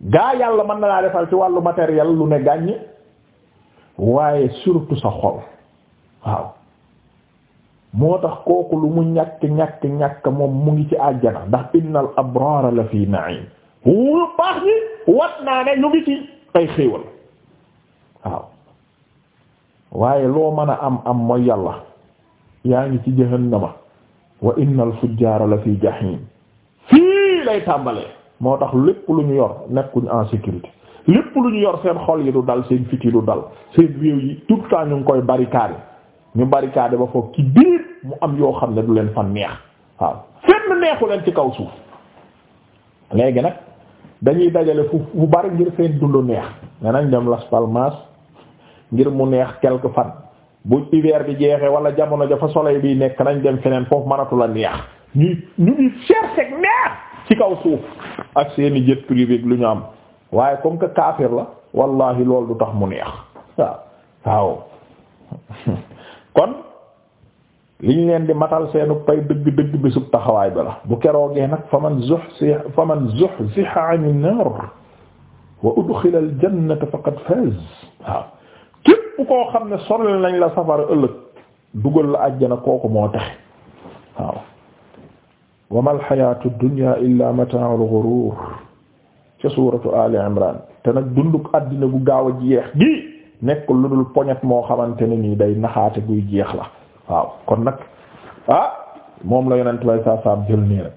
gaa yàlla mën na laa defal ci wàllu matériel lu ne gàññ waaye surtout sa xol waaw moo tax kooku lu mu ñàkk ñàkk ñàkk moom mu ngi ci àjjana ndax innal abraara la fi na'im wu baax ñi wat naa ne ñu ngi ci ay xéewal waaw waaye loo mën a am am mooy yàlla yaa ngi ci jahannama wa innal fujjaara la fi jahim fii lay tàmbalee moo tax lépp lu ñu yor nekkuñ en sécurité lu ñu yor seen xol yi du dal seen fit yi du dal seen réew yi tout le ñu ngi koy barricade ñu barricade ba foofu ci biir mu am yoo xam ne du leen fan neex waaw fenn neexu leen ci kaw suuf léegi nag dañuy dajale fu fu bari ngir seen dund neex ne nañ dem Las Palmas ngir mu neex quelque fan bu hiver bi jeexee wala jamono jafa soleil bi nekk nañ dem feneen foofu mënatu la neex ñuy ñu ngi chercher neex ci kaw suuf ak seeni jet privé lu ñu am waaye comme que kaafir la wallahi loolu du tax mu neex waaw waaw kon liñ leen di matal seenu pay dëgg dëgg bésub taxawaay ba la bu keroogee nag faman zuhziha faman zuhziha 'anil nar wa udxila al jannata faqad faz waaw képp koo xam ne sorel nañ la safara ëllëg dugal la àjjana kooku moo tax waaw wa mal xayaatu dunya illa mata'ul ghurur ca suuratu Ali Imran te nag dunduk àddina gu gaaw a jeex gi nekk lu dul poñet moo xamante ne nii day naxaate guy jeex la waaw kon nag ah moom la yonent bay saa saam jël nii rek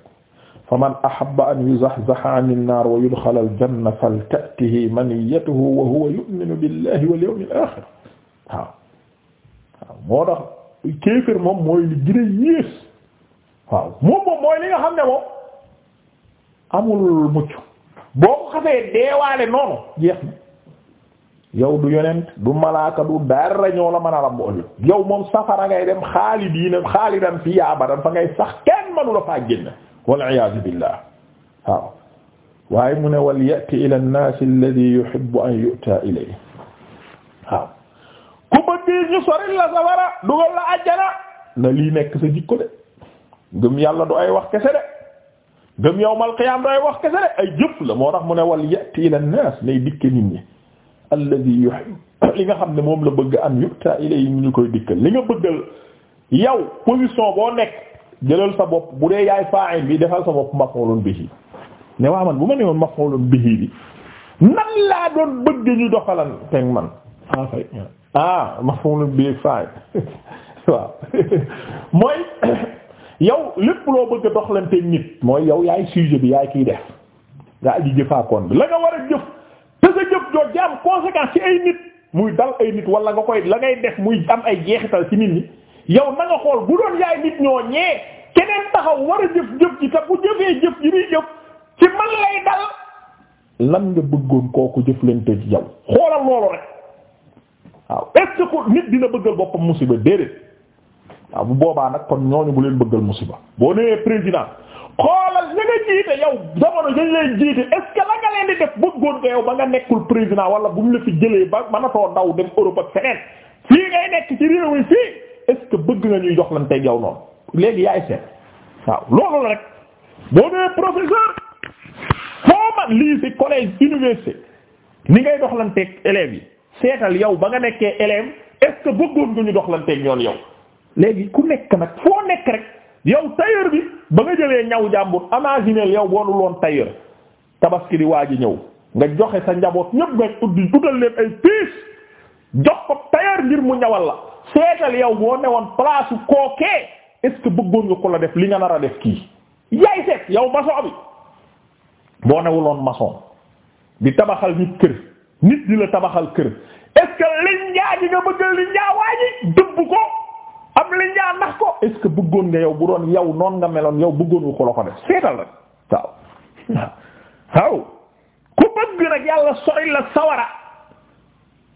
fa man ahabba an yuzahzaha ani nnaar wa yudxala aljanna falta'tihi maniyatuhu wa huwa yu'minu billahi wal yawmil aaxir waaw waaw moo tax kéefër moom mooy li gën a yées waaw moom moom amul mucc boo ko xasee deewaale noonu jeex na yow du yonent du malaaka du dara ñoo la mën a rambo ëllëg yow moom safara ngay dem xaalidiina xaalidan fi fa ngay sax kenn manu la faa génn wal iyaadu billah waaw mu ne wal yati ila an-naas alladhi yuhibbu an yu'ta ilayhi waaw safara dugal la ajjana na lii nekk sa jikko de gëm yàlla du ay wax kese de gëm yawmal qiyaam du ay wax kese de ay jëf la moo tax mu ne wal yati ila naas nay dikke nit ñi alladhi yuhibbu li nga xam ne moom la bëgg an yu'ta ilayhi mu ñu koy dikkal li nga bëggal yow position boo nekk jëlal sa bopp bu dee yaay fa'il bii defal sa bopp maf'ulun bihi ne waa man bu ma ne woon maf'ulun bihi bi nan laa doon bëgg ñu doxalan teg man ah fay ah maf'ulun bihi fa'il waaw mooy yow lépp loo bëgg a doxalanteeg nit mooy yow yaay sujet bi yaay kiy def yaa jëfaakoon bi la nga war a jëf te sa jëf joo jaam conséquence ci ay nit muy dal ay nit wala nga koy la ngay def muy am ay jeexital ci nit ñi yow na xool bu doon yaay nit ñoo ñee keneen taxaw war a jëf jëf ji te bu jëfee jëf ji muy jëf ci man lay dal lan nga bëggoon kooku jëflante ci yow xoolal loolu rek waaw est-ce que nit dina bëggal boppam musiba déedéet. waaw bu boobaa nag kon ñooñu bu leen bëggal musiba boo nee président xoolal na nga jiite yow jamono dañ lay jiite est la nga leen di def bëggoon nga yow ba nga nekkul président wala bu mu la jëlee ba mënatoo daw dem Europe ak feneen fii ngay nekk ci réew mi fii est bëgg nga ñuy jox lan tey noonu léegi yaay seet waaw loolu la rek ni ngay doxalanteeg élèves yi seetal yow ba nga nekkee élève est que bëggoon nga ñu doxalanteeg ñoon yow. léegi ku nekk nag foo nekk rek yow tailleur bi ba nga jëlee ñaw jàmbur imagineel yow boolu loon tailleur tabaski di waa ji ñëw nga joxe sa njaboot ñëpp nga uddi uddal leen ay piis jox ko tailleur ngir mu ñawal la seetal yow boo newoon place kookee est-ce que bëggoon nga ko la def li nga nar a def kii yaay seet yow maçon bi boo newuloon maçon di tabaxal nit kër nit di la tabaxal kër est-ce que liñ njaa ji nga bëggal liñ njaa waa ko li njaa nax ko est bëggoon nga yow bu doon yow noon nga meloon yow bëggoon nga ko la seetal rek waaw waaw ku bëgg nag yàlla sori la sawara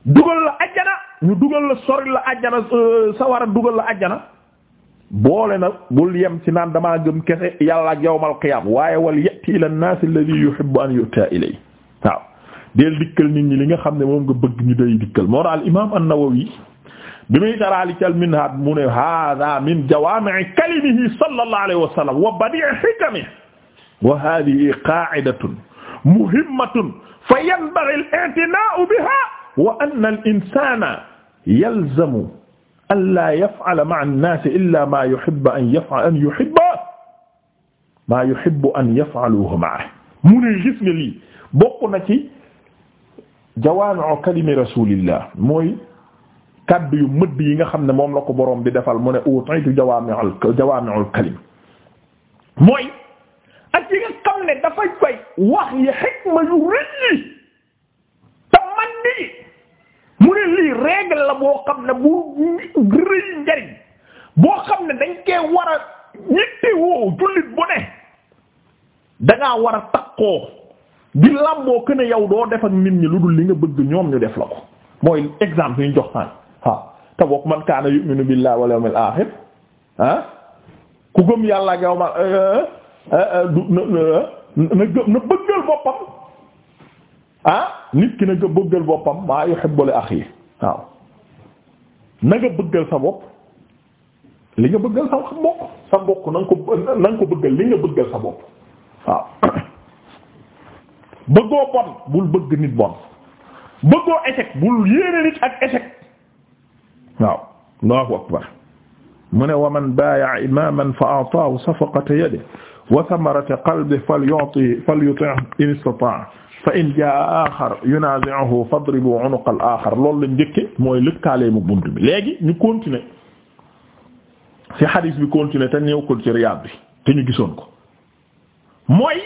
dugal la ajjana ñu dugal la sori la ajjana euh, sawara dugal la ajjana boole na bul yem si naan damaa gëm kese yàlla ak yawmal qiyaam waaye wal yati ila an-nas alladhi yuhibbu an yutaa ilay ñi li nga xam ne moom nga bëgg ñu day dikkal moo al imam an-Nawawi bi muy taraali cal minhaaj mu ne hada min jawaami'i kalimihi sallallahu alayhi wa sallam wa badi'i hikamihi wa hadihi qaa'idatun muhimmatun fa yanbaghi al-i'tinaa'u biha wa anna al-insaana yalzamu an laa yaf'ala ma'a an-naasi illaa maa yuhibbu an yaf'ala an yuhibba maa yuhibbu an yaf'aluuhu ma'ahu mu ne gis nga lii bokk na ci jawaami'u kalimi rasuulillah mooy kàddu yu mëdd yi nga xam ne moom la ko boroom bi defal mu ne utitu jawaami'ul jawaami'ul kalim mooy ak yi nga xam ne dafa koy wax yi xikma yu rëy te man di mu ne lii règle la boo xam ne bu rëy njariñ boo xam ne dañ war a ñitti woo jullit bu ne dangaa war a takkoo di làmboo que ne yow doo def ak nit ñi lu dul li nga bëgg ñoom ñu def la ko mooy exemple yu ñu jox taan waaw te bokk man kaana yu'minu billahi wal yawmil aaxir ku gëm yàlla ak ma eh, eh, eh, na na na bëggal boppam nit ki na nga bëggal boppam maa yuhibbu li axi waaw na nga bëggal sa bopp li nga bëggal sa mbokk sa mbokk na nga ko bëggal li nga bëggal sa bopp waaw bëggoo bon bul bëgg nit bon bëggoo échec bul yéene nit ak échec. waaw allahu akbar mu ne wa man baaya'a imaaman fa a'taahu safaqata yadihi wa thamarata qalbihi falyu'tihi falyuti'hu in istata'a fa in jaa'a aaxar yunaazi'uhu fadribuu 'unuqa al-aaxar loolu lañ njëkke mooy lëkkaale mu bunt bi léegi ñu continuer ci xadiis bi continuer te ñëw ko ci Riyaad bi te ñu gisoon ko mooy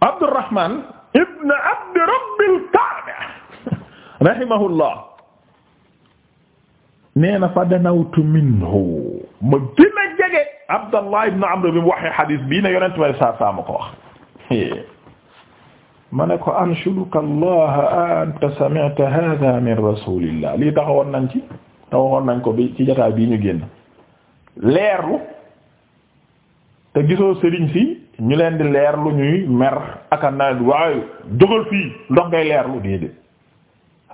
Abdurrahmaan ibn Abdi Rabbil Ka'ba rahimahullah nee na fa danawtu minhu ma gën a jege Abdallah ibn Amr bi mu waxee xadis bii ne yonent may saa saa ma ko wax ma ne ko anshuduka Allah anta sami'ta hadha min rasulillah lii taxawoon nañ ci taxawoon nañ ko bi ci jotaay bii ñu génn leerlu te gisoo sëriñ si ñu leen di leerlu ñuy mer ak a nawet waaye jógal fii ndox ngay leerlu déedéet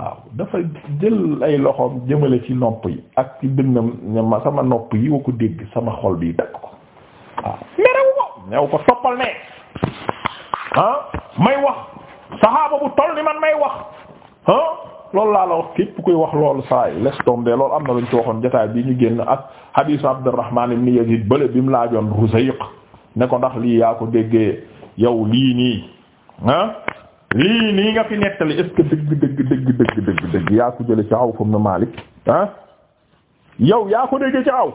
waaw dafa jël ay loxoom jëmale ci nopp yi ak ci dënnam ma sama nopp yi wa ko dégg sama xol bi dakk ko waaw merew ko neew ko toppal ne ah may wax saxaaba bu toll ni man may wax ah, loolu laa la wax képp kuy wax loolu saa yi laisse tomber loolu am na lu ñu ci jotaay bi ñu génn ak hadisu Abdurrahman ibn Yazid bële bi mu laajoon Ruzayq ne ko ndax lii yaa ko déggee yow lii nii ah lii nii nga fi nettali est-ce que dëgg dëgg dëgg dëgg dëgg dëgg yaa ko jële ci Awf ibn Malik ah yow yaa ko dégg ci xaw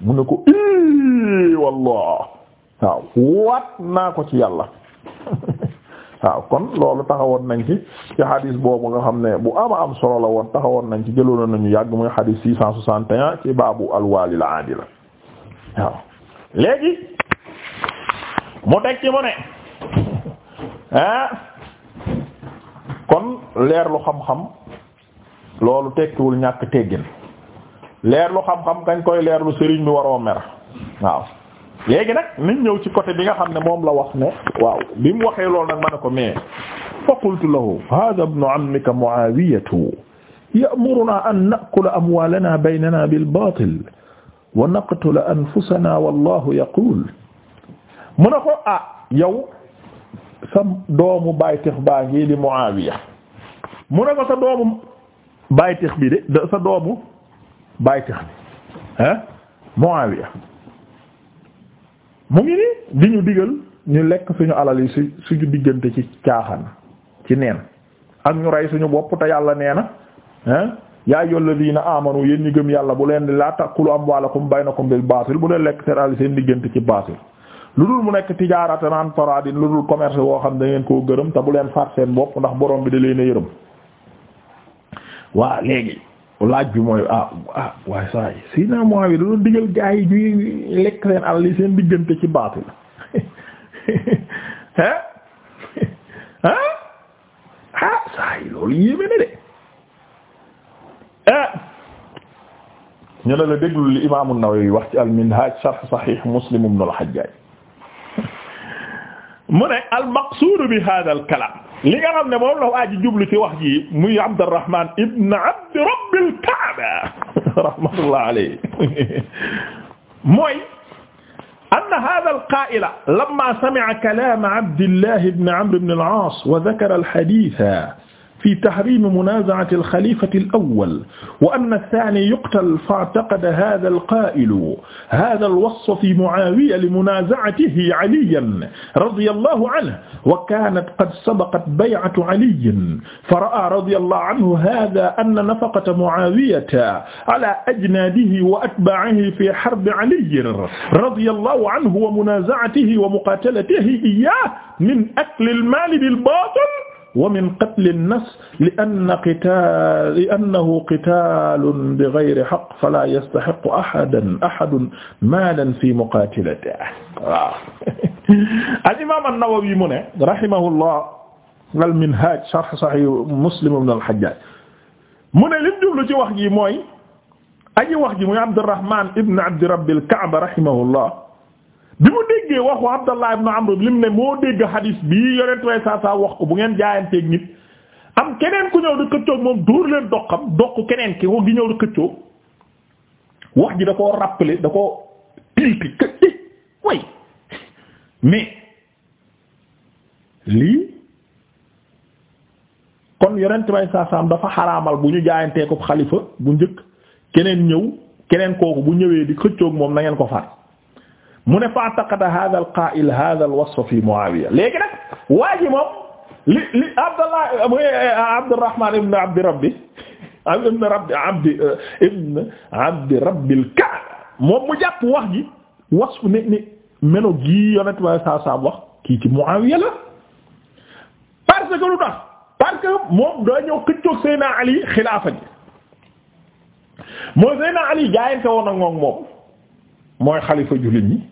mu ne ko i wallah waaw waat naa ko ci yàlla waaw kon loolu taxawoon nañ ci ci xadis boobu nga xam ne bu ama am solo la woon taxawoon nañ ci na nañu yàgg muy xadis six cent soixante et un ci baabu alwaali la waaw léegi mu teg ci mu ne ah kon leerlu xam-xam loolu tekkiwul ñàkk teggin leerlu xam-xam kañ koy leerlu sëriñ bi waroo mer waaw léegi nag nañ ñëw ci côté bi nga xam ne moom la wax ne waaw bi mu waxee loolu nag ma ne ko mais fa qultu lahu hada ibnu ammika muawiyatu ya'muruna an na'kula amwalana baynana bil batil wa naqtula anfusana wallahu yaqul mu ne ko ah yow sa doomu baytix baa ngi di Muawiya mu ne ko sa doomu baytix bi de sa doomu baytix bi ah Muawiya mu ngi ni di ñu digal ñu lekk suñu alal yi su suñu diggante ci caaxaan ci neen ak ñu rey suñu bopp te yàlla nee na ah yaa ayyuhal ladina amanu yéen ñu gëm yàlla bu leen di laa ta'kulu amwaalakum baynakum bil baatil bu leen lekk seen alal seen diggante ci baatil lu dul mu nekk tijaaratan an taraadin lu dul commerce woo xam da ngeen koo gërëm te bu leen faat seen bopp ndax borom bi da leen a yërëm waa léegi laaj bi mooy ah ah waaye saa yi si naa mois bi da doon digal gaa yi lekk seen alal ci baatil ah, na de ah ñu ne la déglu li imaamu Nawawi wax ci al-Minhaj sharh Sahih Muslim ibn al-Hajjaj mu ne al maqsuud bi hada al kalaam li nga xam ne moom la waa ji jublu ci wax ji muy Abdurrahman ibn Abd Rabb al Kaaba rahmatullah alayhi mooy anna hada al qaa'ila lamma sami'a kalaam Abdillah ibn Amr ibn al Aas wa dhakara al hadiitha fi tahrimi munaazaati al-xalifati al-awwal wa anna ath-thaani yuqtal fa'taqada haadha al-qaa'ilu haadha al-wasfa fi Mu'aawiya li munaazaatihi 'Aliyyan radiyallahu 'anhu wa kaanat qad sabaqat bay'atu 'Aliyyin fara'aa radiyallahu 'anhu haadha anna nafaqata Mu'aawiyata 'alaa ajnaadihi wa atbaa'ihi fi harbi 'Aliyyin radiyallahu 'anhu wa munaazaatihi wa muqaatalatihi iyyaahu min akli al-maali bil-baatil wa min qatli an-nafs li anna qital li annahu qitalun bighayri haqq fala yastahiqqu ahadan ahadun malan fi muqatilatihi waaw al-imam an-Nawawi mu ne rahimahullah al-Minhaj sharh sahih Muslim ibn al-Hajjaj mu ne lim jublu ci wax ji mooy aji wax ji muy Abdurrahman ibn Abdi Rabbil Ka'ba rahimahullah bi mu déggee waxu Abdallah ibn Amr lim ne moo dégg hadis bii yonent way saa saa wax ko bu ngeen jaayanteeg nit am keneen ku ñëw di xëccoog moom dóor leen doqam doq keneen ki ko gi ñëw di xëccoog wax ji da koo rappeler da koo tilti këi eh, way mais lii way saa dafa xaraamal bu ñu jaayantee ko xalifa bu njëkk keneen ñëw keneen kooku bu ñëwee di xëccoog moom na ko faat mu ne fa taqada hadha al qa'il hadha fi Muawiya léegi mu jàpp wax ji wasf ne ne melo gii yonent waaye saa saa wax kii ci Muawiya la parce que lu tax parce que moom daa ñëw xëccoog Seyna Ali xilaafa ji mooy Seyna Ali jaayante woon ak moom mooy xalifa jullit ñi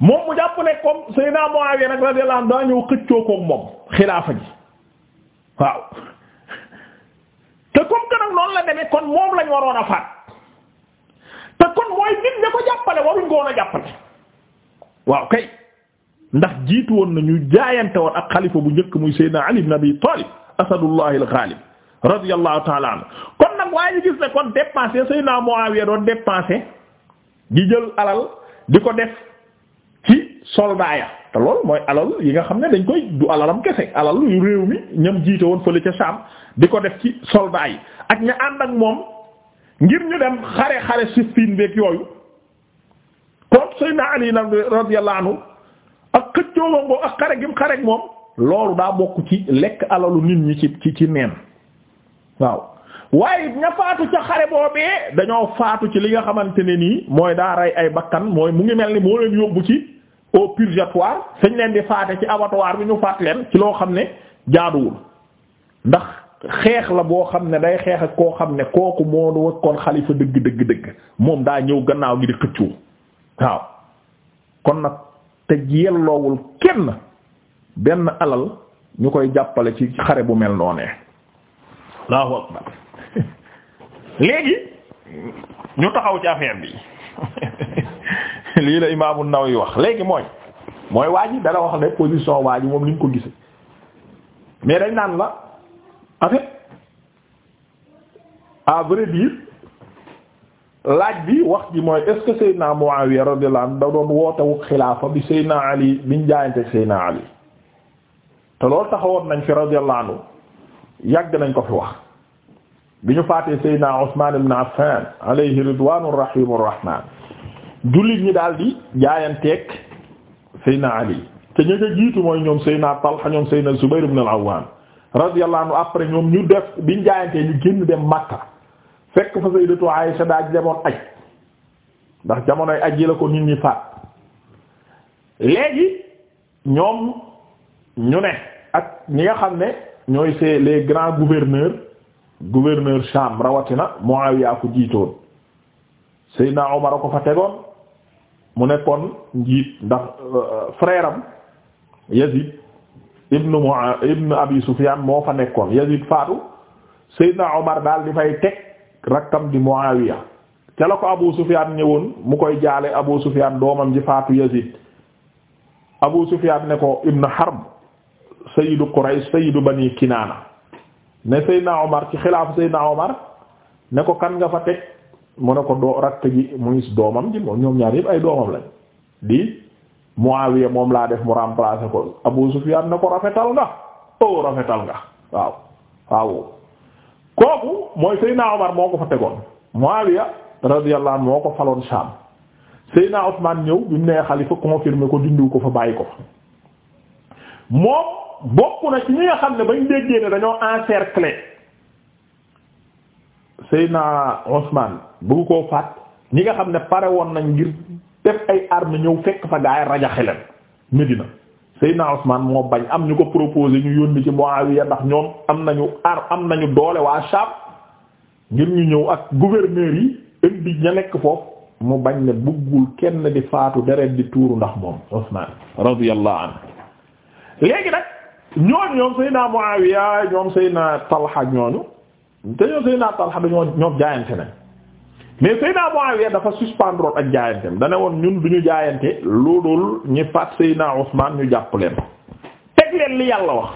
moom mu jàpp ne comme Seydina Muawiya nag radiyallahu anhu daa ñëw xëccoo koog moom xilaafa ji waaw te comme que nag noonu la demee kon moom lañ waroon a faat te kon mooy nit ña ko jàppale waruñ ko woon jàppale waaw kay ndax jiitu woon na ñu jaayante woon ak xalifa bu njëkk muy Seydina Ali ibn Abi Talib asadullah di jël alal di ko def. ya te lool mooy alal yi nga xam ne dañ koy du alalam kese alal yu réew mi ñam jiite woon fële ca Saam di ko def ci soldat yi ak ña ànd ak moom ngir ñu dem xare xare Siffin beek yooyu kon Seydina Ali radiyallahu anhu ak xëccoo ak xare gim xare ak moom loolu daa bokk ci lekk alalu nit ñi ci ci ci neen waaw waaye ña faatu ca xare boobee dañoo faatu ci li nga xamante ne nii mooy daa rey ay bakkan mooy mu ngi mel ni moo leen yóbbu ci au purgatoire fañ leen di faate ci abattoir bi ñu faat leen ci loo xam ne jaaduwul ndax xeex la boo xam ne day xeex ak koo xam ne kooku moo wakkoon xalifa dëgg dëgg dëgg moom daa ñëw gannaaw gi di xëccoo waaw kon nag te yelloowul kenn benn alal ñu koy jàppale ci xare bu mel noonee Allahu akbar léegi ñu taxaw ci affaire bi lii la imaamu yi wax léegi mooy mooy waa ji dala wax ne position waa moom ni ñu ko gisee mais dañ naan la en fait à laaj bi wax ji mooy est-ce que Seydina Muawiya radiyallahu anhu da doon wootewu xilaafa bi Seydina Ali biñ jaayante Seydina Ali te loolu taxawoon nañ fi radiyallahu anhu yàgg nañ ko fi wax bi ñu faatee na Usman ibn Affan alayhi ridwanur rahimur rahman jullit ñi daal di jaayanteeg Seyna Ali te ña nga jiitu mooy ñoom Seyna Talha ñoom Seyna Zubayr ibn al-Awwam radiyallahu anhu après ñoom ñu def biñ jaayantee ñu génn dem Makka fekk fa Sayyidatu Aisha daaj demoon aj ndax jamonoy aj yi la ko nit ñi faat léegi ñoom ñu ne ak ñi nga xam ne ñooy c'est les grands gouverneurs gouverneur Sham rawatina Muawiya ko jiitoon Seydina Omar a ko fa tegoon mu nekkoon njiit ndax euh, frère am Yazid ibn Mu'a Abi Sufyan moo fa nekkoon Yazid faatu Seydina Omar daal di teg rakkam di Muawiya ca la ko Abu Sufyan ñëwoon mu koy jaale Abu Sufyan doomam ji faatu Yazid Abu Sufyan ne ko ibn Harb sayyidu Quraysh sayyidu Bani Kinaana ne Seydina Omar ci xilaafu Seydina Omar ne ko kan nga fa teg mu ne ko doo rakk mu muy doomam ji moom ñaar yëpp ay doomam lañ di Muawiya moom laa def mu remplacer ko Abu Sufyan na ko rafetal nga oh rafetal nga waaw waaw kooku mooy Seydina Omar moo ko fa tegoon Muawiya radiyallahu anhu moo ko faloon Sham Seydina Ousmane ñëw bi mu nee xalifa confirmer ko dindiw ko fa bàyyi ko fa moom bokk na ci ñi xam ne bañ déggee ne dañoo encercler Seyna Ousmane bëgg koo faat ñi nga xam ne pare woon nañ ngir def ay armes ñëw fekk fa gaay rajaxe leen Medina Seyna Ousmane moo bañ am ñu ko proposé ñu yónni ci Muawiya ndax ñoom am nañu ar am nañu doole waa Sham ngir ñu ñëw ak gouverneur yi indi ña nekk foofu mu bañ ne bëggul kenn di faatu deret di tuuru ndax moom Ousmane radiyallahu anhu léegi nag ñooñu ñoom Seyna Muawiya ñoom Seyna Talha ñooñu. te ñoo Seydina Talha dañoo ñoom jaayante nañ mais Seydina Muawiya dafa suspendre ak jaayantem da woon ñun duñu jaayante loolu ñi faat Seydina Usman ñu jàpp leen teg leen li yàlla wax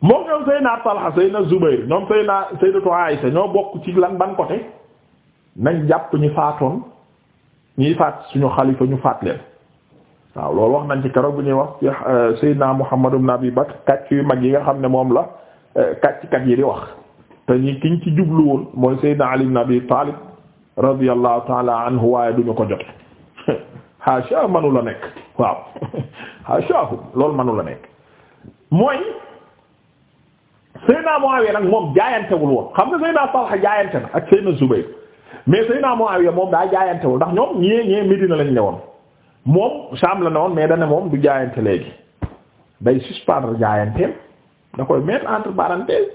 moom ñoom Seydina Talha Seydina Zubayr ñoom Seydina Sayyidatu Aisha ñoo bokk ci lan ban côté nañ jàpp ñi faatoon ñi faat suñu xalifa ñu faat leen waaw loolu wax nañ ci keroog bu ñuy wax ci euh, Seydina Muhammad ibn Abi Bakr kàcc yu mag yi nga xam ne moom la euh, kàcc kat yi di wax te ñi kiñ ci jublu woon mooy Seydina Ali ibn Abi Talib radiyallahu taala anhu waaye duñu ko jote haasha manu la nekk waaw haashahu loolu manu la nekk mooy Seydina Muawiya nag moom jaayantewul woon xam nga Seydina Talha jaayante na ak Seydina Zubayr mais Seydina Muawiya moom daa jaayantewul ndax ñoom ñee ñee Medina lañ ne moom Sham ne woon mais dana moom du jaayante léegi day suspendre jaayanteem da koy mettre entre parenthèses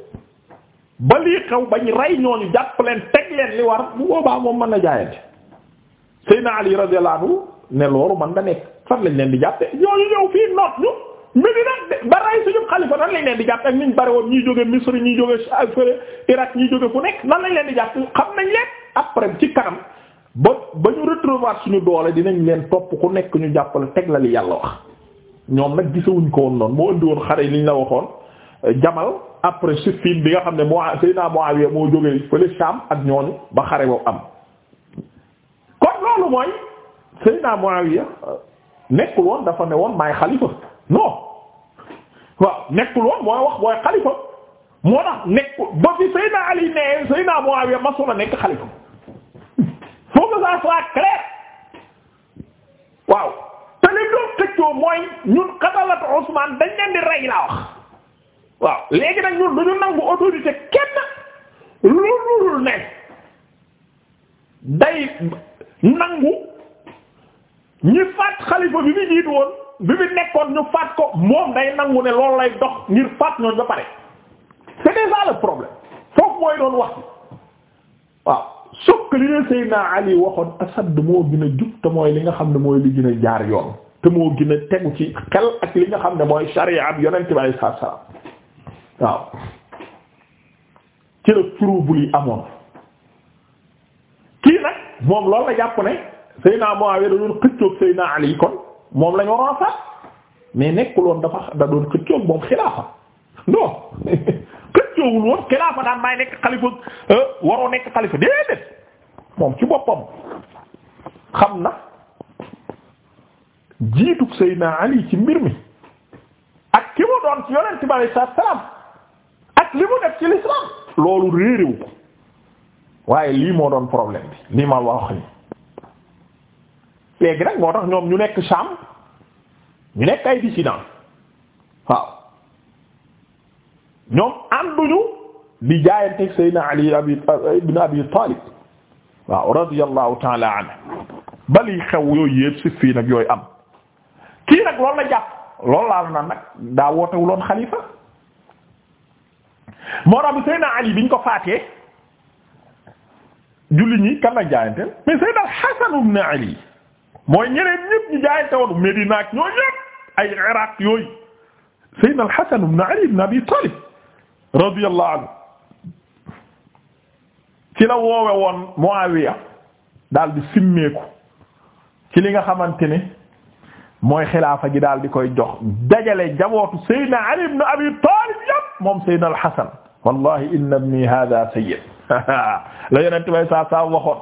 ba lii xew bañ rey ñooñu jàpp leen teg leen li war bu boobaa moom mën na jaayante Seydina Ali radiyallahu anhu ne loolu man da nekk fan lañ leen di jàppe ñooñu ñëw fii noot ñu Medina ba rey suñu xalifa nan leen di jàpp ak ñu bari woon ñuy jóge Misri ñuy jóge fële Irak ñuy jóge fu nekk nan lañ leen di jàpp xam nañ leen après ci kanam ba ba ñu retrouver suñu doole dinañ leen topp ku nekk ñu jàppale teg la li yàlla wax ñoom nag gisawuñ ko woon noonu moo indi yi liñ la waxoon après Siffin bi nga xam ne moo Seydina Muawiya moo jógee fële Sham ak ñooñu ba xare am kon loolu mooy Seydina Muawiya euh, nekkul woon dafa ne woon maay xalifa non waaw nekkul woon mooy wax booy xalifa moo tax nekkul ba fi Seydina Ali ne Seydina Muawiya masul a nekk xalifa faut que ça soit clair waaw te li doon xëccoo mooy ñun xatalat Ousmane dañ leen di rey laa wax waaw léegi nag ñun dañu nangu autorité kenn loolu ne day nangu ñi faat xalifa bi mu jiitu woon bi mu nekkoon ñu faat ko moom day nangu ne loolu lay dox ngir faat ñooñ ba pare c'est déjà le problème foofu mooy doon wax waaw sukk li ne Seydina Ali waxoon asad moo gën a jub te mooy li nga xam ne mooy li gën a jaar yoon te moo gën a tegu ci xel ak li nga xam ne mooy sharia ab yonent bi sallallahu waaw ci trouble yi amoon kii nag moom loolu la jàpp ne Seydina Muawiya da doon xëccoog Seydina Ali kon moom lañu waroon a faat mais nekkuloon dafa da doon xëccoog moom xilaafa non xëccoowul woon xilaafa daan maay nekk xalifa euh, waroo nekk xalifa déedéet moom ci boppam xam na jiitug Seydina Ali ci mbir mi ak ki mu doon ci yonent bi sallallahu li mu def ci l'islam loolu réeréwu waaye lii moo doon problème bi lii ma wax ni léegi nag moo tax ñoom ñu nekk Sham ñu nekk ay dissident waaw ñoom ànduñu di jaayanteeg Seydina Ali ibn Abi Talib waaw radiyallahu ta'ala anhu bali xew yooyu yëpp si fii nag yooyu am kii nag loolu la jàpp loolu laal na nag daa wootewuloon xalifa moo tax bi Ali biñ ko faatee julli ñi kan lañ jaayanteel mais Seydina Ali mooy ñeneen ñëpp ñu jaayante woon Medina ak ñoo ay Iraq yooyu Seydina al Ali Abi Talib radiyallahu anhu ci la woowe woon Muawiya daal di simmeeku ci li nga xamante ne mooy xilaafa gi daal di koy jox dajale jabootu Seydina Ali Abi Talib moom Seydina al Hasan wallahi inna ibni hada sayyid saa saa waxoon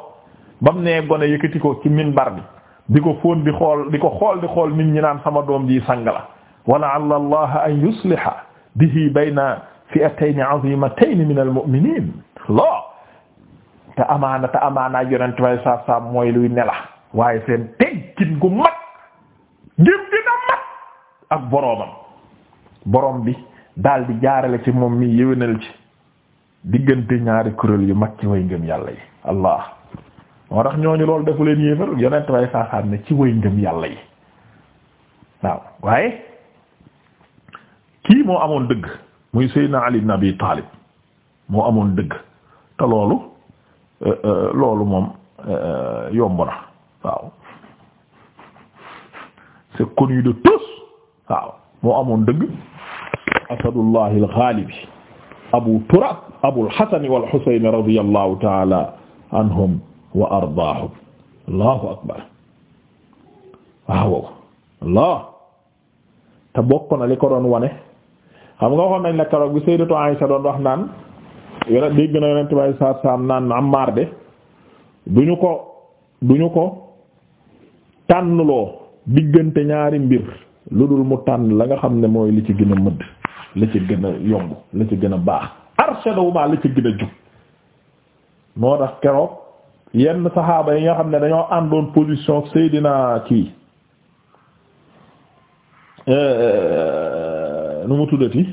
ba mu nee gone yëkkati ko ci minbar bi di ko fóon di xool di ko xool di xool nit ñi naan sama doom ji sang la wala alla allah an yusliha bihi bayna fi'atayn azimatayn min al mu'minin la amaana te amaana saa saa mooy luy nela waaye seen teggin gu mat dina mat ak boroomam borom bi daal di jaarale ci moom mi yéwénal ci diggante ñaari kuréel yu mag ci way ngëm yàlla yi allah moo tax ñooñu loolu defu leen yéefar yonent way saasaam ne ci way ngëm yàlla yi waaw waaye kii moo amoon dëgg muy Seydina Ali ibn Abi Talib moo amoon dëgg te loolu euh, euh, loolu moom euh, yomb na waaw c'est connu de tous waaw moo amoon dëgg asadullahi al-ghalibi te bokk na li ko doon wane xam nga waxoon nañ la keroog bi sayyidatu Aisha doon wax naan dégg na yonent bay saat saam naan Ammar de du ñu ko du ñu ko tànnloo diggante ñaari mbir lu dul mu tànn la nga xam ne mooy li ci gën a mëdd la ci gën a yomb la ca gën a baax arshadahuma la ci gën a jub moo tax keroog yenn saxaaba yi nga xam ne dañoo àndoon position dina kii lu euh, euh, mu tuddati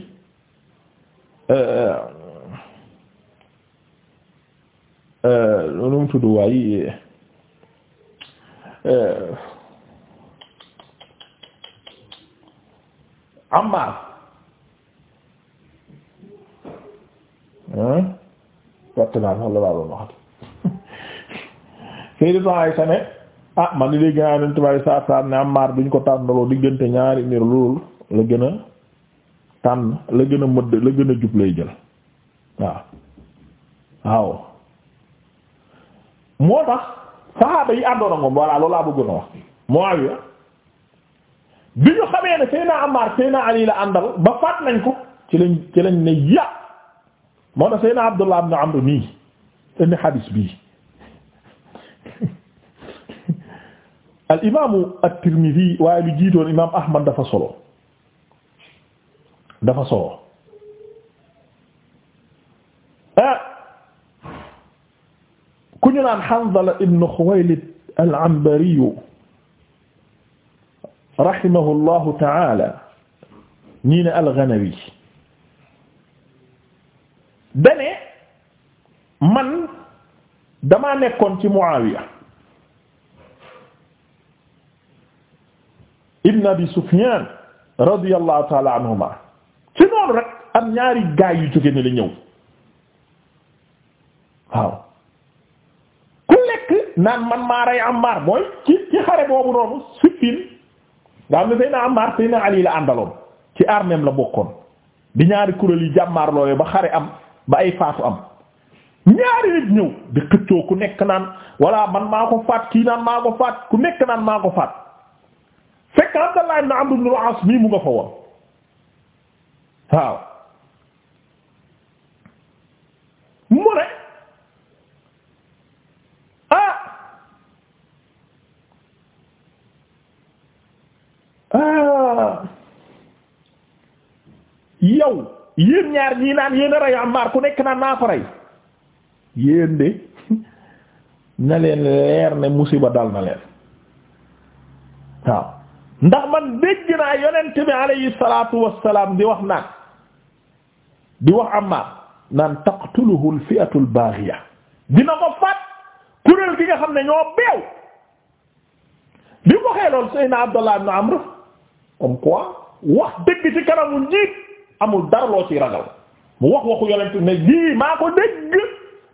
euh, nu mu tudd waaye Ammaar fàtte naa sax la baadoon waxat Sayyidatu Aysa ne ah man di dégg naa nen tibay sa san ne Ammaar duñ ko tànnaloo diggante ñaari mbir loolu la gën a tànn la gën a mëdd la gën a jub lay jël waaw moo tax saxaaba yi àndoon moom voilà loolu laa bëggoon a wax Muawiya bi ñu xamee ne Seydina Ammaar Seydina Ali la àndal ba faat nañ ko ci lañ ci lañ ne ya moo na Seydina Abdullah ibn Amr nii indi xadiis bii al imaamu at-Tirmidhi waaye lu jiitoon imaam Ahmad dafa solo dafa solo ah ku ñu naan Hanzala ibn Khuwaylid al-Anbari rahimahu Allahu ta'ala ñii ne al-Ghanawi dane man damaa nekkoon ci Muawiya ibn Abi Sufyan radiyallahu ta'ala anhuma ci noonu rek am ñaari gaay yu jóge ne la ñëw waaw ku nekk naan man maa rey Ammar mooy ci ci xare boobu noonu Siffin nga xam ne Seydina Ammar Seydina Ali la àndaloon ci armeem la bokkoon di ñaari kuréel yi jàmmaarlooyo ba xare am ba ay faatu am ñaari nit ñëw di xëccoo ku nekk naan walla man maa faat kii naan maa faat ku nekk naan maa ko faat fekk Abdallah ibn Amr ibn al-As mii mu nga fa woon waaw mu ne ah ah yéen ñaar ñii naan yéen a rey ku nekk naan naa ko rey yéen de na leen leer ne musiba dal na leen waaw ndax man dégg naa yonent bi alayhi salaatu wassalaam di wax naan di wax Ammaar naan taqtuluhu al-fi'atu dina ko faat kuréel gi xam ne ñoo beew bi waxee loolu Seydina Abdallah ibn Amr comme wax dëgg ci kanamu njiit amul dara loo ciy ragal mu wax waxu yonent ne lii maa ko dégg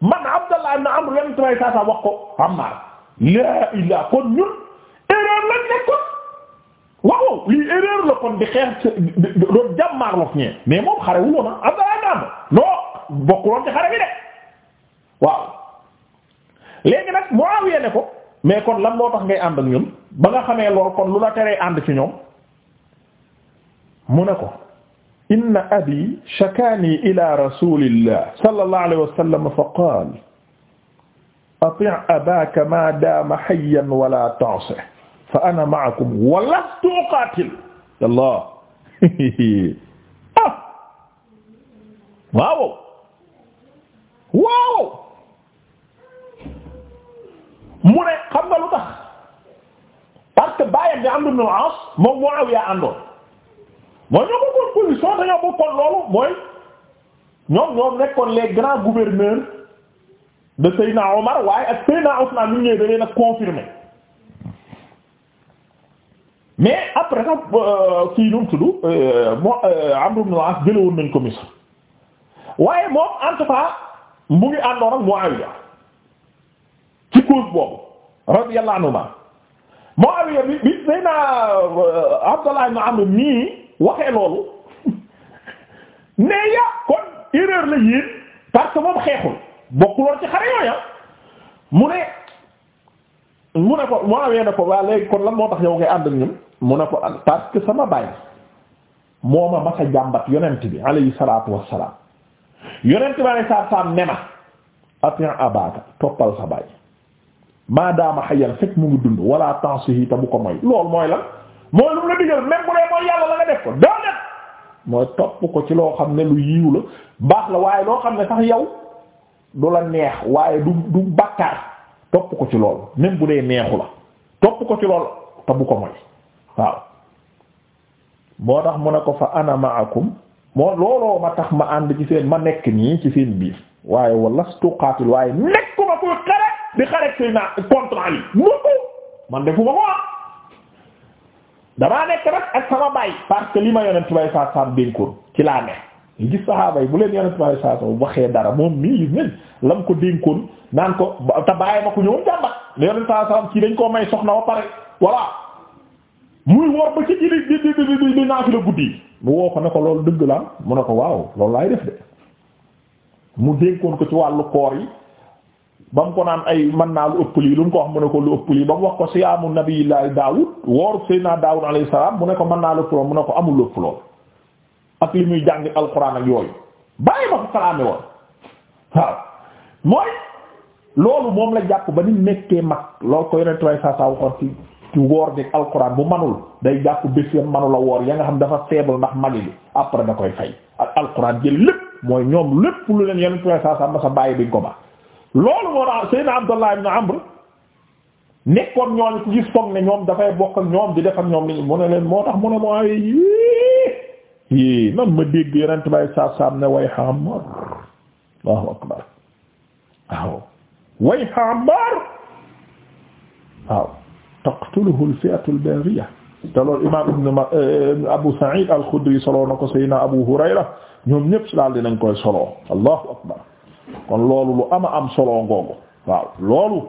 man Abdallah ibn Amr yonent may saa saa wax ko Ammar laa illah kon ñun erreur lañ nekkoon waaw lii erreur la kon di xeex doon jàmmaarloog ñee mais moom xare wu woon Abdallah ibn Amr non bokkuloon ci xare bi de waaw léegi nag Muawiya ne ko mais kon lan moo tax ngay ànd ak ñun ba nga xamee lool kon lu la teree ànd ci ñoom mu ne ko. inna abi shakaani ila rasulillah sallallahu alayhi wa sallam fa qaal ati' abaaka maa daama hayyan wala ta'sih fa ana ma'akum wa lastu uqaatil yàlla ah waaw waaw mu ne xam nga lu tax parce que bàyyam di Amr ibn al-Aas moom Muawiya àndoon mooy ñoo bokkoon position dañoo bokkoon loolu mooy nekkoon les grands gouverneurs de Seyna Omar waaye ak Seyna Ousmane ñu ñëwee da leen a confirmé mais après nag euh, kii euh, moo euh, Amr ibn as jëlee woon nañ waaye moom en tout cas mu ngi àndoon ak Muawiya ci cause boobu radiyallahu anhu bi bi Seyna Abdullah ibn Amr nii. waxee loolu mais ya kon erreur la yéen parce que moom xeexul bokkuloon ci xare yooya mu ne mu ne ko waawee ne ko waa léegi kon lan moo tax yow ngay ànd ak mu ne ko parce que sama baay moo ma mas jàmbat yonent bi alayhi salaatu wassalaam yonent bi alayhi salaatu wassalaam ne ma atin abaka toppal sa baay maadaama xayal fekk mu ngi dund wala temps si te bu ko moy loolu mooy lan mooy lu mu la digal même bu dee mooy yàlla la nga def ko doo def mooy topp ko ci loo xam ne lu yiw la baax la waaye loo xam ne sax yow du la neex waaye du du bàkkaar topp ko ci loolu même bu dee neexu la topp ko ci loolu te ko moy waaw moo tax mu ne ko fa ana ma'akum moo looloo ma tax ma ànd ci seen ma nekk nii ci seen biir waaye walastu qatil waaye nekkuma kuy xare di xare ci na contre Ali man defuma ko damaa nekk nag ak sama baay parce que li ma yonent bay saa saam dénkoon ci laa ne gis saxaaba yi bu leen yonent bay saa saam waxee dara moom mii gis nañ la mu ko dénkoon naan ko te bàyyi ma ko ñëwoon jàmbat yonent saa saam ci dañ koo may soxna ba pare voilà muy wor ba ci ji di di di di di naafila guddi mu woo ko ne ko loolu dëgg la mu ne ko waaw loolu laay def de mu dénkoon ko ci wàllu koor yi ba mu ko naan ay man naa lu ëpp lii lu mu ko wax mu ne ko lu ëpp lii ba mu wax ko si siyaamu nabiyillaahi daawud wooru seydinaa daawud alayhi salaam mu ne ko mën naa lu ëpp lool mu ne ko amul lu ëpp ak li muy jàng alxuraan ak yooyu bàyyi ma ko kalaame woon waaw mooy loolu moom la jàpp ba ni nekkee mag loolu ko yonent way saa saa waxoon ci woor bi alxuraan bu manul day jàpp bés yam manula woor ya nga xam dafa faible ndax magi bi après da koy fay ak alxuraan jël lépp bàyyi biñ ko ba loolu moo tax Seydina Abdallah ibn Amr nekkoon ñooñu ci gis foog ne ñoom dafay bokk ak ñoom di def ak ñoom li mu ne leen moo tax moo ay yii nan ma dégg yeneen bay saab saab ne way Ammar Allahu akbar waaw way Ammar waaw taqtuluhu eh, na ko Seydina Abu Hurayra ñoom ñépp si daal dinañ koy solo akbar kon loolu lu ama am solo ngoogu waaw loolu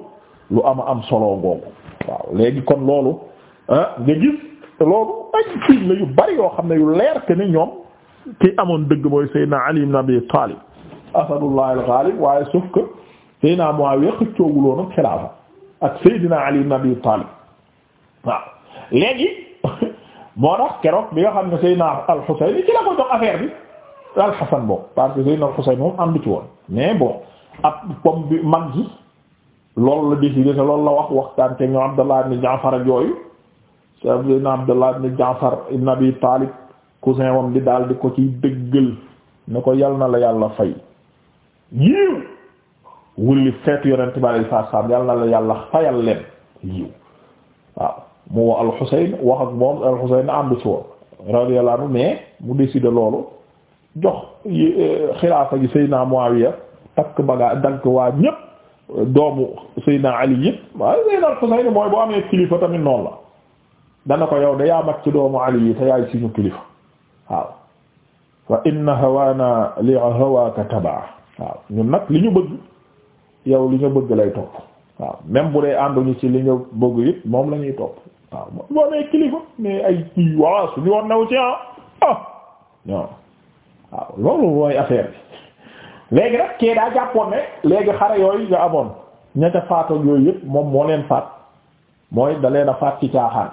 lu ama am solo ngoogu waaw kon loolu ah ay signe la yu bari yoo xam ne yu leer que ni ki amoon dëgg mooy Seydina Ali ibn Abi Talib asadullah al-ghalib waaye sauf que Seydina Muawiya xëccooguloon ak xilaafa ak Seydina Ali ibn Abi Talib waaw léegi moo tax bi nga xam ne Seydina al-Husayn ci la ko jox affaire bi al-Hasan boobu parce que al-Husayn moom àndu ci woon mais bon ab pomme bi mag gi loolu la décidé te loolu la wax waxtaan te ñoo Abdallah ibn Jaafar ak yooyu sayyidina Abdallah ibn Jaafar ibn Abi Talib cousin wam di daal di ko ci dëggal ne ko yal na la yàlla fay yiw wulli feetu yonent bi alayhi salaatu salaam yal na la yàlla fayal leen yiw waaw mu wax al Xuseyn wax ak moom al Xuseyn ànd ci woon radiyallahu mu décidé loolu jox euh, xilaafa gi Seydina Muawiya takk bagaa dank waa ñépp doomu Seydina Ali yëpp waaye Seydina Al-Husayn mooy boo amee kilifa tamit noonu la dana ko yow da yaa mat ci doomu Ali yi te yaay suñu kilifa waaw fa inna hawaana li hawaaka tabaa waaw ñun nag li ñu bëgg yow li nga bëgg lay topp waaw même bu dee ànduñu ci li nga bëgg it moom la topp waaw boo amee kilifa mais ay waa suñu war naw ci ah ah waaw loolu mooy affaire bi léegi nag kee daa jàppoon ne léegi xare yooyu nga amoon ñetta faat ak yooyu yëpp moom moo leen faat mooy da leen a faat ci caaxaan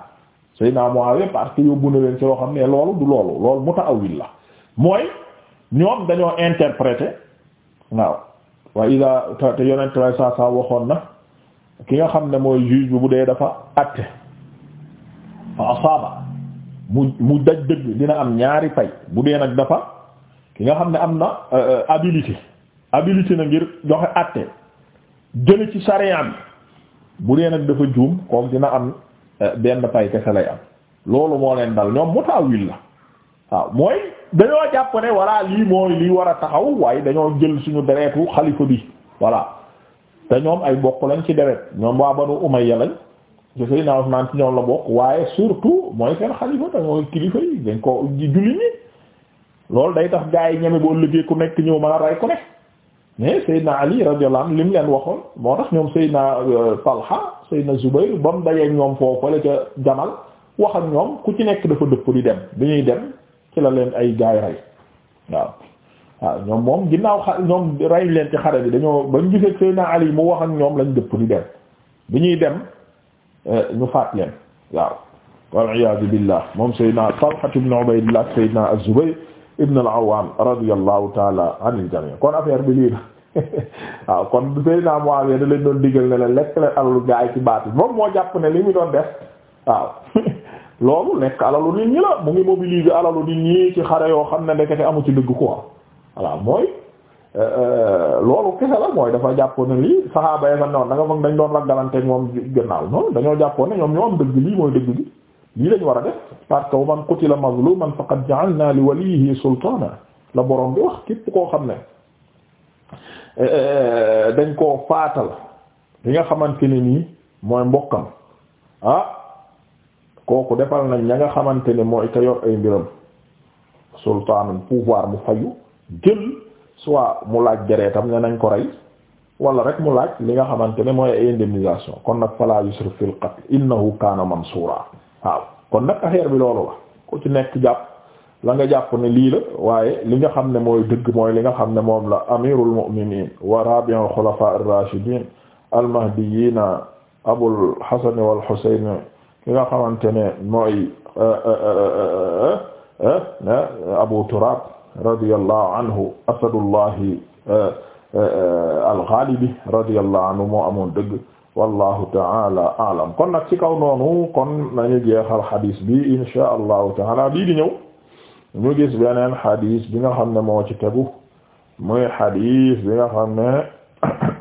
Seydina Muawiya parce que yóbbu na leen ci loo xam ne loolu du loolu loolu mutaawil la mooy ñoom dañoo interpréter waaw waaye ida te yonent lay saa saa waxoon na ki nga xam ne mooy juge bi bu dee dafa àtte fa asaaba mu mu daj dëgg dina am ñaari pay bu dee nag dafa ki nga xam ne am na euh, euh, habilité habilité na ngir joxe àtte jële ci sariya bi bu dee nag dafa juum koom dina am euh, benn pay kese lay am loolu moo leen dal ñoom mutaawil la waaw mooy dañoo jàpp ne lii mooy lii war a taxaw waaye dañoo jël suñu deretu xalifa bi voilà te ñoom ay bokk lañ ci deret ñoom waa Banu Umayya lañ ci Seydina Usmaan ci ñoom la bokk waaye surtout mooy seen xalifa te kilifa yi dañ ko julli ñi loolu day tax gaa yi ñeme boo liggéey ku nekk ñëw mën a rey ku nekk mais Seydina Ali radiyallahu anhu li mu leen waxoon moo tax ñoom Seydina euh, Talha Seydina Zubayr ba mu dajee ñoom foofu la ca Jamal wax ak ñoom ku ci nekk dafa dëpp di dem bi ñuy dem ci la ay gaay rey waaw ñoom moom ginnaaw ñoom rey leen ci xare bi dañoo bañ gisee Seydina Ali wax ak ñoom lañ dëpp di dem bi ñuy dem euh, ñu faat leen waaw wal iyaadu billah moom Seydina Talha ibn Ubaydillah Seydina Az-Zubayr la al-Awwam radiyallahu taala anil jami kon affaire bi lii la waaw kon Seydina Muawiya da leen doon digal ne la lekk leen alalu gaay ci baat bi moom moo jàpp ne li mu doon def waaw loolu lekk alalu nit ñi la mu ngi mobiliser alalu nit ñi ci xare yoo xam ne ndekete amu ci dëgg quoi voilà mooy euh, euh, loolu kese la mooy dafa jàppoon ne lii saxaaba ya nga noonu da nga foog dañ doon raggalanteeg moom gannaaw non dañoo jàppoon ne ñoom ñoo am dëgg ñii lañ war a def parce que man qutila mazluman faqad ja'alna li walihi sultana la borom bi wax képp koo xam ne eh, eh, dañ koo faatal li nga xamante ne nii mooy mbokkam ah kooku defal nañ ña nga xamante ne mooy ka yor ay mbiram sultaanul pouvoir mu fayu jël soit mu laaj deretam ne nañ ko rey wala rek mu laaj li nga xamante ne mooy ay indemnisation kon nag fala yusrif fil qatl innahu kana mansura waaw kon nag affaire bi loolu la ku ci nekk jàpp la nga jàpp ne lii la waaye li nga xam ne mooy dëgg mooy li nga xam ne moom la amirul mu'minin wa rabi'u xulafa ar-rashidin al-mahdiyyin abul hasan wal husayn ki nga xamante ne mooy eh, eh, eh, abu turab radiyallahu anhu asadullahi al-ghalibi radiyallahu anhu moo amoon dëgg wallahu taala alam kon nag ci kaw noonu kon nañu jeexal xadis bi insha allahu taala bii di ñëw ñu gis beneen xadis bi nga xam ne moo ci tegu mooy xadis bi nga xam ne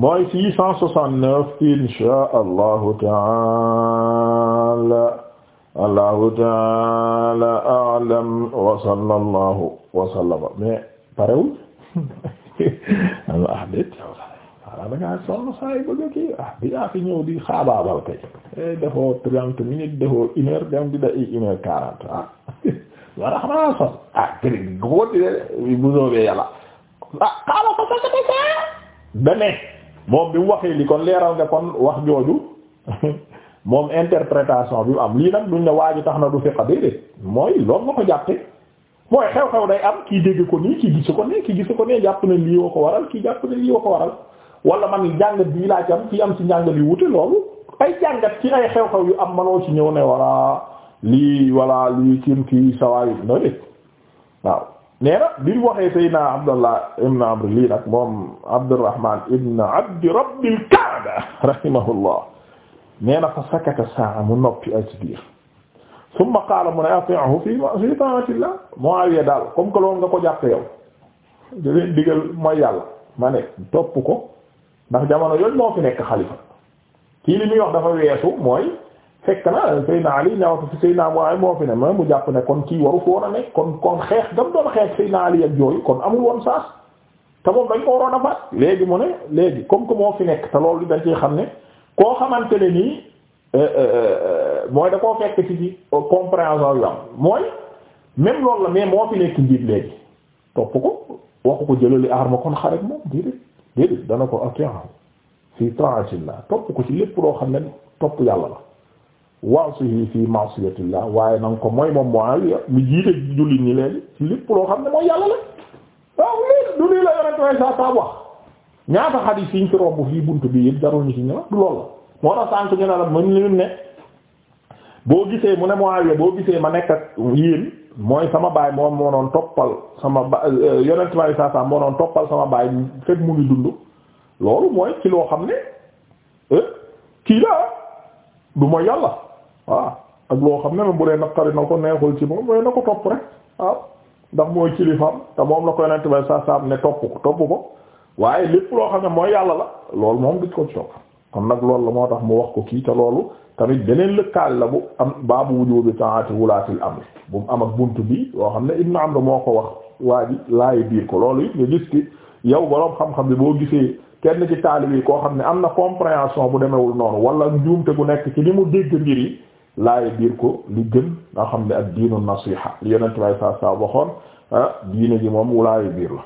mooy six cent soixante-neuf insha allahu taala allahu taala alam wa sallallahu wa sallama mais parewul da ngaa sonn saa yi bëgg a kii ah bi yaa fi ñëw di xaabaabal kay eh, defoo trente minutes defoo une dem di da une quarante ah wala naa sonn ah këri góoti de moom bi mu waxee li kon leeral nga wax jooju moom interprétation bi am lii tax na du fiqa déedéet mooy loolu nga ko jàppe mooy xew-xew day am kii dégg ko nii kii gis ko nii kii gis ko nii jàpp ne lii woo ko waral kii jàpp ne lii woo ko waral wala man jàngat bii laa ci am ci am ci njàngat yu wute loolu ay jàngat ci ay xew-xew yu am manoo ci ñëw ne wala lii wala lii kiim kii sawaayu no dé waaw nee na bi mu waxee Seydina Abdallah ibn Amr lii nag moom Abdurrahman ibn Abd Rabbil Kaaba rahimahullah nee na fa sakata saa mu noppi ay ci biir summa qaala mu ne ati'hu fi fi ta'atillah Muawiya daal comme que loolu nga ko jàppe yow da leen digal mooy yàlla ma ne topp ko ndax jamono yooyu moo fi nekk xalifa kii li muy wax dafa weesu mooy fekk na Seydina Ali ñawatu fi Seydina Muawiya moo fi ne ma mu jàpp ne kon kii waru foon a nekk kon kon xeex gam doon xeex Seydina Ali ak yooyu kon amul woon saas te moom dañ ko waroon a faat léegi mu ne léegi comme que moo fi nekk te loolu dañ ciy xam ne koo xamante ne nii euh, euh, euh, mooy da koo fekk ci ci compréhension mooy même loolu la mais moo fi nekk njiit léegi topp ko waxu ko jëlali aar ma kon xarit moom déedéet déedéet dana ko ati'ahu fi ta'atillah topp ko ci lépp loo xam ne topp yàlla la wa'sihi fi ma'siyatillah waaye na ko mooy moom Muawiya mi jiite jullit ñi leen ci lépp loo xam ne mooy yàlla la du lii la yore tooy saa saa wax ñaata xadiis yi ñu fi romb fii buntu bi yëpp jarul ñu ci ñëwaat du loolu la moo tax sànq ñu ne la mën nañu ne boo gisee mu ne Muawiya boo gisee ma nekk ak yéen. mooy sama baay moom moo doon toppal sama ba euh, euh, yonent bi saa saa moo doon toppal sama baay fekk mu ngi dund loolu mooy ci loo xam ne euh, kii la du mooy yàlla waaw ak loo xam ne même bu dee naqari na ko neexul ci moom mooy ko topp rek waaw ndax mooy kilifaam te moom la ko yonent bi saa saa ne topp ko topp ko waaye lépp loo xam ne mooy yàlla la loolu moom du ko topp. kon nag loolu la moo tax mu wax ko kiita te loolu tamit beneen lëkkaal la bu am baabu wujubi ta'ati wulaatil amr bu mu am ak bunt bi yoo xam ne Ibn Amr moo ko wax waa ji laay biir ko loolu it nga gis ki yow boroom xam-xam bi boo gisee kenn ci taalib yi koo xam ne am na compréhension bu demewul noonu wala njuumte gu nekk ci li mu dégg mbir yi laay biir ko li gën nga xam ne ak diinu nasiha li yeneen tubaab saa saa waxoon ah diine ji moom wulaayu biir la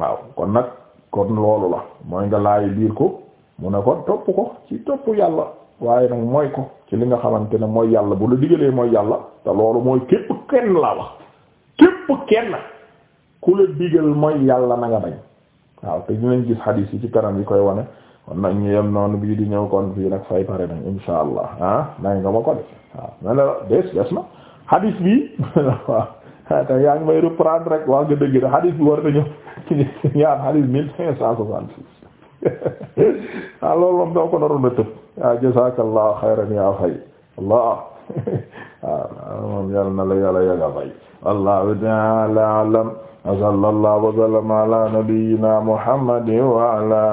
waaw kon nag kon loolu la mooy nga biir ko. mu ne ko topp ko ci topp yàlla waaye nag mooy ko ci li nga xamante ne mooy yàlla bu la digalee mooy yàlla te loolu mooy képp kenn la wax képp kenn ku la digal mooy yàlla na nga bañ waaw te dinañ gis hadith yi ci kanam yi koy wane kon nag ñu yem noonu bi di ñëw kon fii nag fay pare nañ insha allah ah nañ nga ma ko def waaw na la des des na hadith bi te yaa ngi may reprendre rek waa nga dëgg de hadith bi war na ñëw ñaar hadith ah loolu moom doo ko naroon a tëb ah jazakallahu xayran yaa fay allah ah, waaw moom yàlla na la yàlla yàgga fay wallahu ta'ala a'lam wa sallallahu wa sallama ala nabiyyina muhammadin wa ala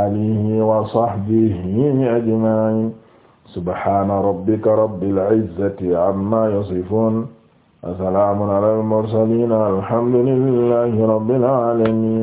alihi wa sahbihi ajma'in subhana rabbika rabbil izzati amma yasifun wa salamun ala al mursalin alhamdulillahi rabbil alamin